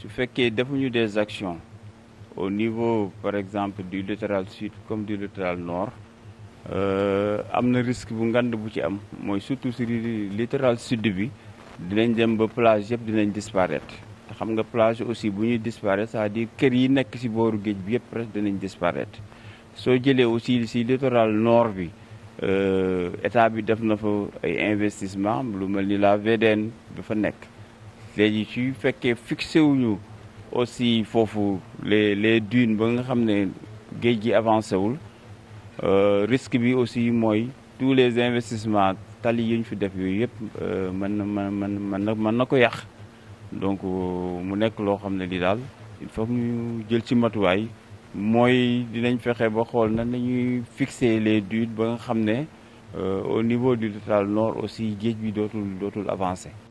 su fekkee defuñu des actions au niveau par exemple du littoral sud comme du littoral nord euh, am na risque bu ngand bu ci am mooy surtout si littoral sud bi dinañ dem ba plage yëpp dinañ disparaître xam nga plage aussi bu ñuy disparaître c'est-à-dire kër yi nekk si booru géej bi yëpp presque dinañ disparaître soo jëlee aussi si littoral nord bi euh, état bi def na fa ay investissement lu mel ni la VDN bi fa nekk léegi su fekkee fixé wuñu aussi foofu les les dunes ba nga xam ne géej gi avancé wul euh, risque bi aussi mooy tous les investissements tali yi fi def yooyu yëpp euh, mën na mën mën na mën na ko yàq donc euh, mu nekk loo xam ne li daal il ñu jël ci matuwaay mooy dinañ fexe ba xool na nañuy fixer les dunes ba nga xam ne au niveau du littoral nord aussi géej bi dootul dootul avancé